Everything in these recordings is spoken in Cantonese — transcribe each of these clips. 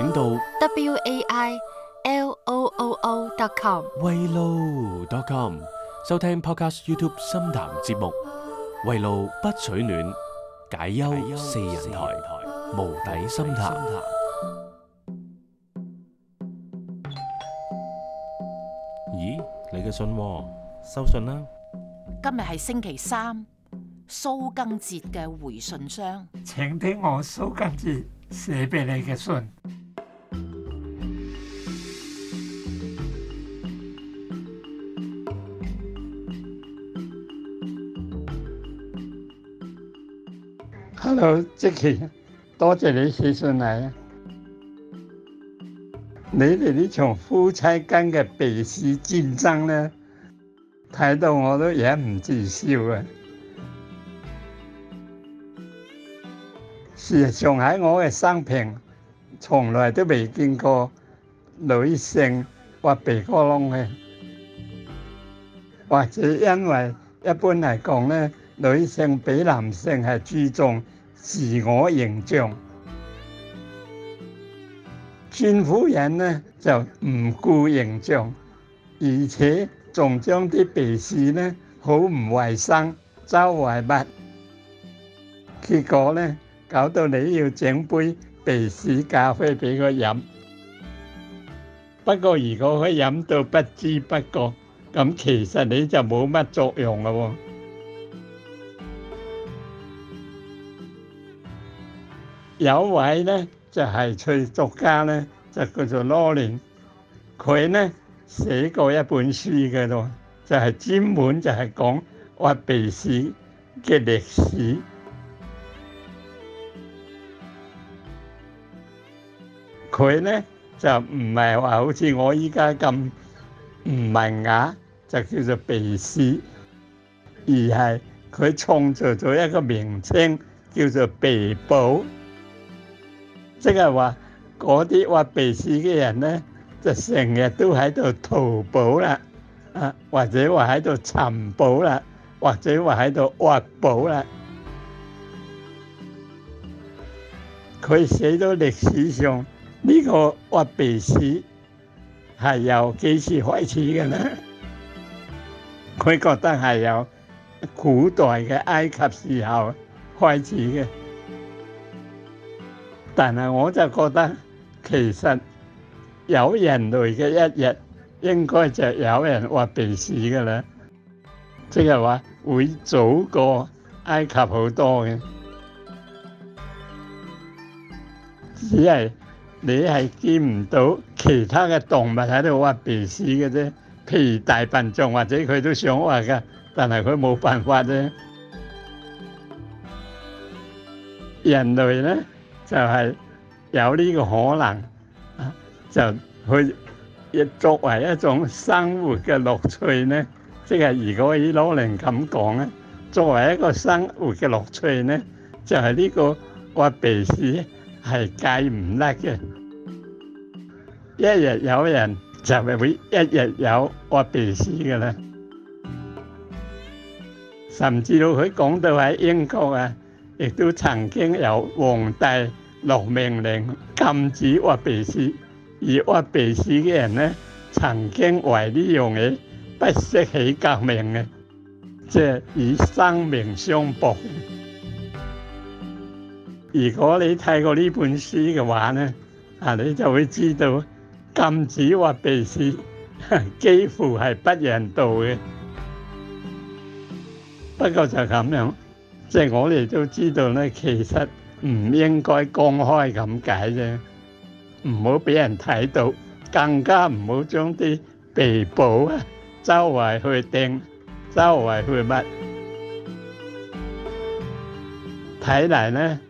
請到 wailoo.com，wayloo.com 收聽 Podcast YouTube 深潭節目，圍爐不取暖，解憂四人台，無底深潭。咦，你嘅信，收信啦！今日係星期三，蘇賡哲嘅回信箱，請聽我蘇賡哲寫俾你嘅信。Hello，Jackie，多謝你寫信嚟啊！你哋呢場夫妻間嘅鼻屎戰爭咧，睇到我都忍唔住笑啊！事實上喺我嘅生平，從來都未見過女性挖鼻哥窿嘅，或者因為一般嚟講咧，女性比男性係注重。自我形象，村夫人呢，就唔顧形象，而且仲將啲鼻屎呢，好唔衛生，周圍物，結果呢，搞到你要整杯鼻屎咖啡俾佢飲。不過如果佢飲到不知不覺，咁其實你就冇乜作用咯，哦。有一位咧就係劇作家咧，就叫做羅連。佢咧寫過一本書嘅咯，就係專門就係講挖鼻屎嘅歷史。佢咧就唔係話好似我依家咁唔文雅，就叫做鼻屎，而係佢創造咗一個名稱叫做鼻部。即係話嗰啲挖鼻屎嘅人咧，就成日都喺度淘寶啦，啊，或者話喺度尋寶啦，或者話喺度挖寶啦。佢寫咗歷史上呢個挖鼻屎係由幾時開始嘅咧？佢覺得係由古代嘅埃及時候開始嘅。但係我就覺得，其實有人類嘅一日，應該就有人挖鼻屎噶啦，即係話會早過埃及好多嘅，只係你係見唔到其他嘅動物喺度挖鼻屎嘅啫。譬如大笨象或者佢都想挖噶，但係佢冇辦法啫，人類咧。就係、是、有呢個可能就去亦作為一種生活嘅樂趣呢。即、就、係、是、如果以羅寧咁講咧，作為一個生活嘅樂趣呢，就係、是、呢個挖鼻屎係戒唔甩嘅。一日有人就係會一日有挖鼻屎嘅啦。甚至到佢講到喺英國啊，亦都曾經有皇帝。六命令禁止挖鼻屎，而挖鼻屎嘅人咧，曾經為呢樣嘢不惜起革命嘅，即係以生命相搏。如果你睇過呢本書嘅話咧，啊，你就會知道禁止挖鼻屎幾乎係不人道嘅。不過就咁樣，即係我哋都知道咧，其實。唔應該公開咁解啫，唔好俾人睇到，更加唔好將啲鼻屎啊，周圍去掟，周圍去抹。睇嚟呢，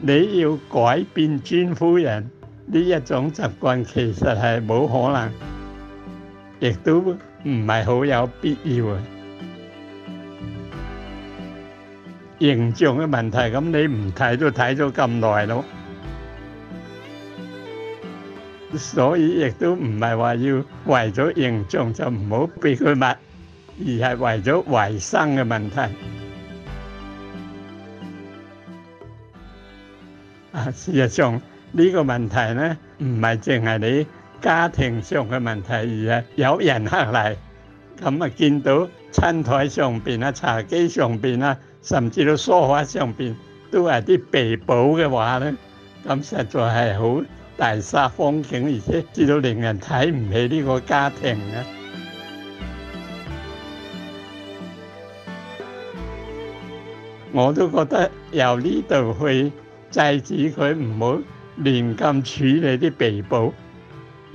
你要改變尊夫人呢一種習慣，其實係冇可能，亦都唔係好有必要。形象嘅問題，咁你唔睇都睇咗咁耐咯。所以亦都唔係話要為咗形象就唔好俾佢抹，而係為咗衞生嘅問題。啊，事實上呢個問題咧，唔係淨係你家庭上嘅問題，而係有人客嚟，咁啊見到餐台上邊啊、茶幾上邊啊。甚至到梳化上面都係啲被保嘅話，呢咁實在係好大煞風景，而且至到令人睇唔起呢個家庭咧。 我都覺得由呢度去制止佢唔好亂咁處理啲被保，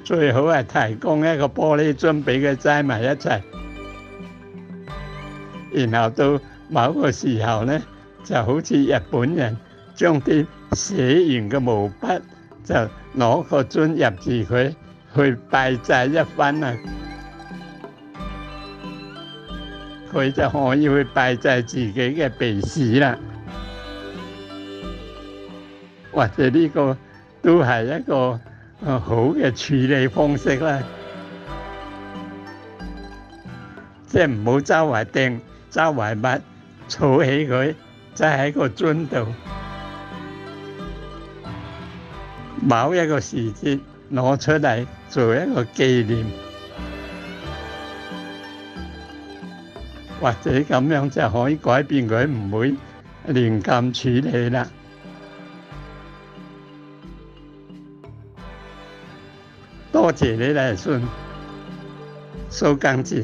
最好係提供一個玻璃樽俾佢擠埋一齊。然後到某個時候咧，就好似日本人將啲寫完嘅毛筆，就攞個樽入住佢，去拜祭一番啊！佢就可以去拜祭自己嘅鼻屎啦，或者呢個都係一個誒好嘅處理方式啦，即係唔好周圍掟。揸遺物，儲起佢，即喺個樽度，某一個時節攞出嚟做一個紀念，或者咁樣就可以改變佢，唔會亂咁處理啦。多謝你來信，蘇賡哲。